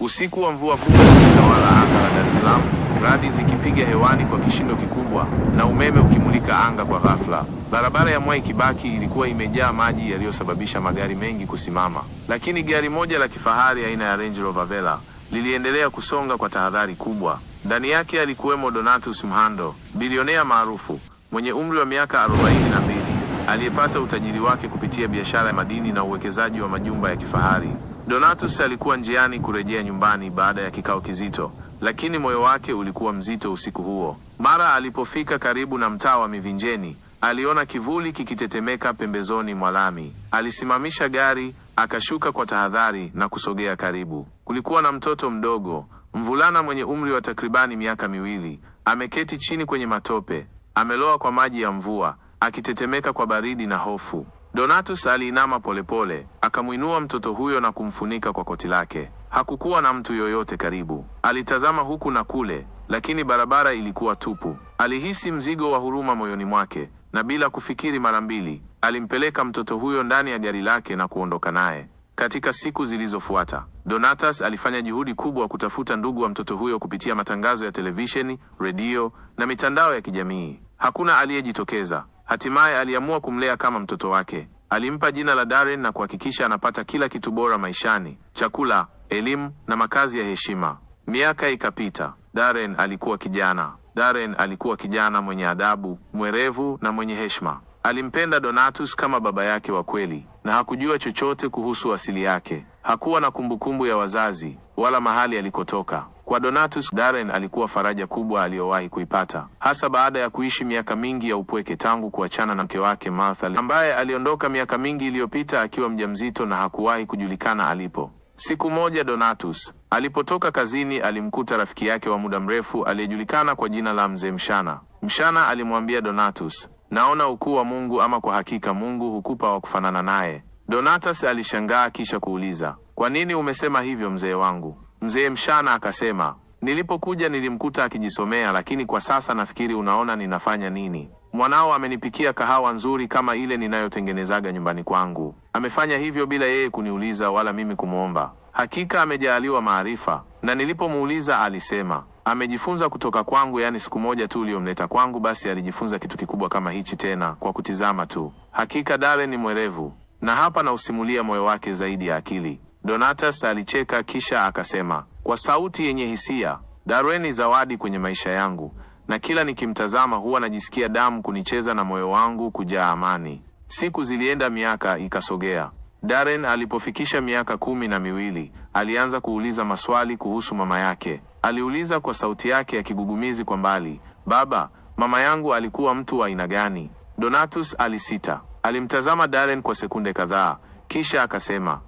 Usiku wa mvua kubwa ulitawala anga la Dar es Salaam, radi zikipiga hewani kwa kishindo kikubwa na umeme ukimulika anga kwa ghafla. Barabara ya Mwai Kibaki ilikuwa imejaa maji yaliyosababisha magari mengi kusimama, lakini gari moja la kifahari aina ya Range Rover Velar liliendelea kusonga kwa tahadhari kubwa. Ndani yake alikuwemo Donatus Mhando, bilionea maarufu mwenye umri wa miaka arobaini na mbili aliyepata utajiri wake kupitia biashara ya madini na uwekezaji wa majumba ya kifahari. Donatus alikuwa njiani kurejea nyumbani baada ya kikao kizito, lakini moyo wake ulikuwa mzito usiku huo. Mara alipofika karibu na mtaa wa Mivinjeni, aliona kivuli kikitetemeka pembezoni mwa lami. Alisimamisha gari, akashuka kwa tahadhari na kusogea karibu. Kulikuwa na mtoto mdogo, mvulana mwenye umri wa takribani miaka miwili, ameketi chini kwenye matope, ameloa kwa maji ya mvua, akitetemeka kwa baridi na hofu. Donatus aliinama polepole, akamwinua mtoto huyo na kumfunika kwa koti lake. Hakukuwa na mtu yoyote karibu. Alitazama huku na kule, lakini barabara ilikuwa tupu. Alihisi mzigo wa huruma moyoni mwake, na bila kufikiri mara mbili, alimpeleka mtoto huyo ndani ya gari lake na kuondoka naye. Katika siku zilizofuata, Donatus alifanya juhudi kubwa kutafuta ndugu wa mtoto huyo kupitia matangazo ya televisheni, redio na mitandao ya kijamii. Hakuna aliyejitokeza. Hatimaye aliamua kumlea kama mtoto wake. Alimpa jina la Darren na kuhakikisha anapata kila kitu bora maishani: chakula, elimu na makazi ya heshima. Miaka ikapita. Darren alikuwa kijana. Darren alikuwa kijana mwenye adabu, mwerevu na mwenye heshima. Alimpenda Donatus kama baba yake wa kweli na hakujua chochote kuhusu asili yake. Hakuwa na kumbukumbu ya wazazi wala mahali alikotoka. Kwa Donatus, Darren alikuwa faraja kubwa aliyowahi kuipata, hasa baada ya kuishi miaka mingi ya upweke tangu kuachana na mke wake Martha, ambaye aliondoka miaka mingi iliyopita akiwa mjamzito na hakuwahi kujulikana alipo. Siku moja Donatus alipotoka kazini alimkuta rafiki yake wa muda mrefu aliyejulikana kwa jina la Mzee Mshana. Mshana alimwambia Donatus, naona ukuu wa Mungu ama kwa hakika Mungu hukupa wa kufanana naye. Donatus alishangaa kisha kuuliza, kwa nini umesema hivyo mzee wangu? Mzee Mshana akasema, nilipokuja nilimkuta akijisomea, lakini kwa sasa nafikiri unaona ninafanya nini. Mwanao amenipikia kahawa nzuri kama ile ninayotengenezaga nyumbani kwangu. Amefanya hivyo bila yeye kuniuliza wala mimi kumwomba. Hakika amejaaliwa maarifa, na nilipomuuliza alisema amejifunza kutoka kwangu. Yaani siku moja tu uliyomleta kwangu, basi alijifunza kitu kikubwa kama hichi tena kwa kutizama tu. Hakika Dale ni mwerevu, na hapa na usimulia moyo wake zaidi ya akili. Donatus alicheka kisha akasema kwa sauti yenye hisia, Darwin ni zawadi kwenye maisha yangu, na kila nikimtazama huwa najisikia damu kunicheza na moyo wangu kujaa amani. Siku zilienda, miaka ikasogea. Darren alipofikisha miaka kumi na miwili alianza kuuliza maswali kuhusu mama yake. Aliuliza kwa sauti yake ya kigugumizi kwa mbali, baba, mama yangu alikuwa mtu wa aina gani? Donatus alisita, alimtazama Darren kwa sekunde kadhaa, kisha akasema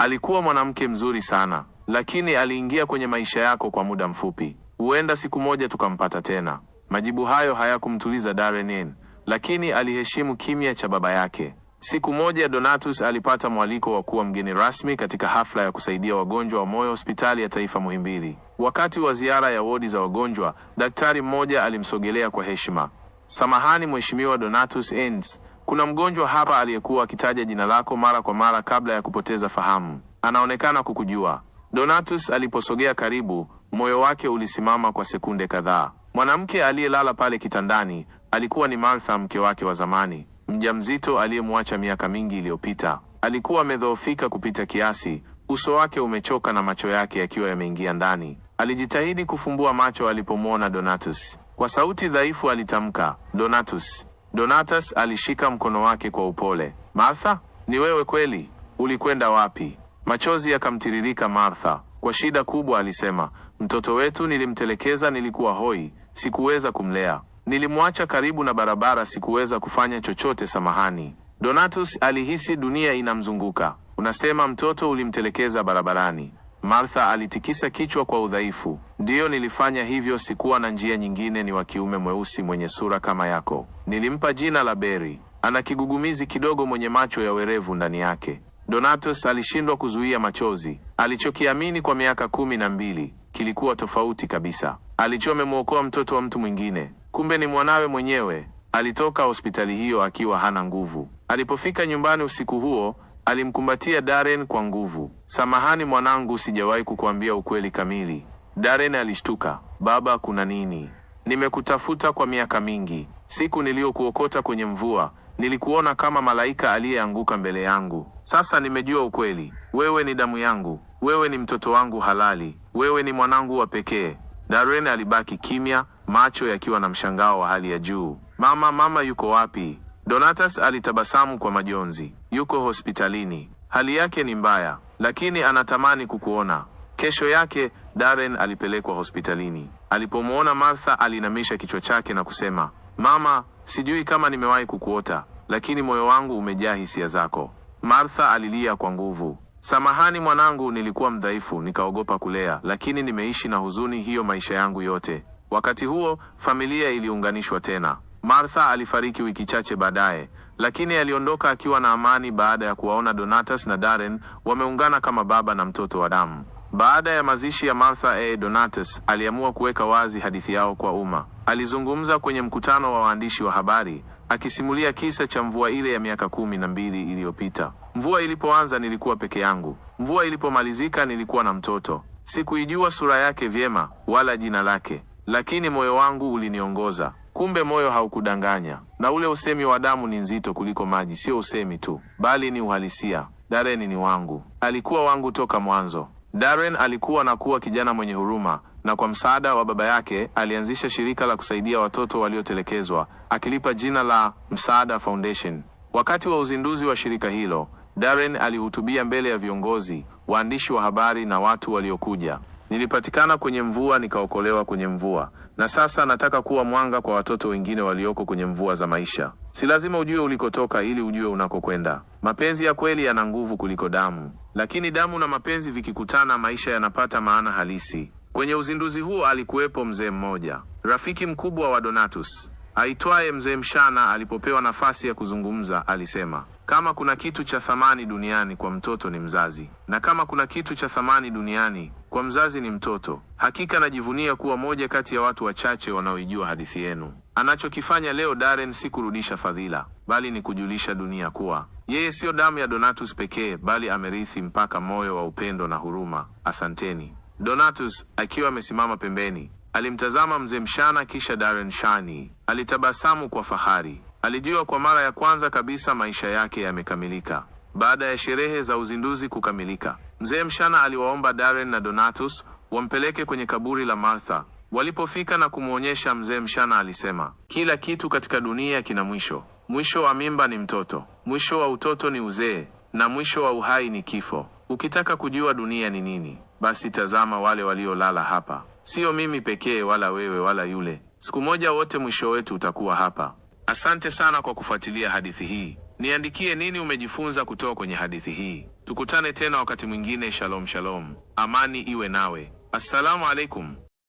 Alikuwa mwanamke mzuri sana, lakini aliingia kwenye maisha yako kwa muda mfupi. Huenda siku moja tukampata tena. Majibu hayo hayakumtuliza darenin lakini aliheshimu kimya cha baba yake. Siku moja Donatus alipata mwaliko wa kuwa mgeni rasmi katika hafla ya kusaidia wagonjwa wa moyo hospitali ya taifa Muhimbili. Wakati wa ziara ya wodi za wagonjwa, daktari mmoja alimsogelea kwa heshima. Samahani Mheshimiwa Donatus Enns, kuna mgonjwa hapa aliyekuwa akitaja jina lako mara kwa mara kabla ya kupoteza fahamu. Anaonekana kukujua. Donatus aliposogea karibu, moyo wake ulisimama kwa sekunde kadhaa. Mwanamke aliyelala pale kitandani alikuwa ni Martha, mke wake wa zamani, mjamzito aliyemwacha miaka mingi iliyopita. Alikuwa amedhoofika kupita kiasi, uso wake umechoka na macho yake yakiwa yameingia ndani. Alijitahidi kufumbua macho alipomwona Donatus. Kwa sauti dhaifu alitamka, Donatus. Donatus alishika mkono wake kwa upole. Martha, ni wewe kweli? Ulikwenda wapi? Machozi yakamtiririka Martha. Kwa shida kubwa alisema, mtoto wetu nilimtelekeza, nilikuwa hoi, sikuweza kumlea. Nilimwacha karibu na barabara, sikuweza kufanya chochote, samahani. Donatus alihisi dunia inamzunguka. Unasema mtoto ulimtelekeza barabarani? Martha alitikisa kichwa kwa udhaifu. Ndiyo, nilifanya hivyo, sikuwa na njia nyingine. Ni wa kiume mweusi mwenye sura kama yako. Nilimpa jina la Beri. Ana kigugumizi kidogo, mwenye macho ya werevu ndani yake. Donatus alishindwa kuzuia machozi. Alichokiamini kwa miaka kumi na mbili kilikuwa tofauti kabisa. Alichome amemwokoa mtoto wa mtu mwingine, kumbe ni mwanawe mwenyewe. Alitoka hospitali hiyo akiwa hana nguvu. Alipofika nyumbani usiku huo Alimkumbatia Darren kwa nguvu. Samahani mwanangu, sijawahi kukuambia ukweli kamili. Darren alishtuka. Baba, kuna nini? Nimekutafuta kwa miaka mingi. Siku niliyokuokota kwenye mvua, nilikuona kama malaika aliyeanguka mbele yangu. Sasa nimejua ukweli. Wewe ni damu yangu, wewe ni mtoto wangu halali, wewe ni mwanangu wa pekee. Darren alibaki kimya, macho yakiwa na mshangao wa hali ya juu. Mama, mama yuko wapi? donatas alitabasamu kwa majonzi. Yuko hospitalini, hali yake ni mbaya, lakini anatamani kukuona. Kesho yake Darren alipelekwa hospitalini. Alipomwona Martha, alinamisha kichwa chake na kusema, mama, sijui kama nimewahi kukuota, lakini moyo wangu umejaa hisia zako. Martha alilia kwa nguvu, samahani mwanangu, nilikuwa mdhaifu, nikaogopa kulea, lakini nimeishi na huzuni hiyo maisha yangu yote. Wakati huo familia iliunganishwa tena. Martha alifariki wiki chache baadaye, lakini aliondoka akiwa na amani baada ya kuwaona Donatus na Darren wameungana kama baba na mtoto wa damu. Baada ya mazishi ya Martha e, Donatus aliamua kuweka wazi hadithi yao kwa umma. Alizungumza kwenye mkutano wa waandishi wa habari akisimulia kisa cha mvua ile ya miaka kumi na mbili iliyopita. Mvua ilipoanza nilikuwa peke yangu, mvua ilipomalizika nilikuwa na mtoto. Sikuijua sura yake vyema wala jina lake lakini moyo wangu uliniongoza. Kumbe moyo haukudanganya. Na ule usemi wa damu ni nzito kuliko maji, sio usemi tu, bali ni uhalisia. daren ni wangu, alikuwa wangu toka mwanzo. daren alikuwa na kuwa kijana mwenye huruma, na kwa msaada wa baba yake alianzisha shirika la kusaidia watoto waliotelekezwa, akilipa jina la Msaada Foundation. Wakati wa uzinduzi wa shirika hilo, daren alihutubia mbele ya viongozi, waandishi wa habari na watu waliokuja Nilipatikana kwenye mvua, nikaokolewa kwenye mvua, na sasa nataka kuwa mwanga kwa watoto wengine walioko kwenye mvua za maisha. Si lazima ujue ulikotoka ili ujue unakokwenda. Mapenzi ya kweli yana nguvu kuliko damu, lakini damu na mapenzi vikikutana, maisha yanapata maana halisi. Kwenye uzinduzi huo alikuwepo mzee mmoja, rafiki mkubwa wa Donatus aitwaye Mzee Mshana. Alipopewa nafasi ya kuzungumza, alisema kama kuna kitu cha thamani duniani kwa mtoto ni mzazi, na kama kuna kitu cha thamani duniani kwa mzazi ni mtoto. Hakika najivunia kuwa moja kati ya watu wachache wanaoijua hadithi yenu. Anachokifanya leo Darren si kurudisha fadhila, bali ni kujulisha dunia kuwa yeye siyo damu ya Donatus pekee, bali amerithi mpaka moyo wa upendo na huruma. Asanteni. Donatus akiwa amesimama pembeni alimtazama mzee Mshana, kisha Darren Shani alitabasamu kwa fahari. Alijua kwa mara ya kwanza kabisa maisha yake yamekamilika. Baada ya sherehe za uzinduzi kukamilika, mzee Mshana aliwaomba Darren na Donatus wampeleke kwenye kaburi la Martha. Walipofika na kumwonyesha, mzee Mshana alisema, kila kitu katika dunia kina mwisho. Mwisho wa mimba ni mtoto, mwisho wa utoto ni uzee, na mwisho wa uhai ni kifo. Ukitaka kujua dunia ni nini, basi tazama wale waliolala hapa. Sio mimi pekee, wala wewe, wala yule. Siku moja wote mwisho wetu utakuwa hapa. Asante sana kwa kufuatilia hadithi hii. Niandikie nini umejifunza kutoka kwenye hadithi hii. Tukutane tena wakati mwingine. Shalom shalom, amani iwe nawe. Assalamu alaikum.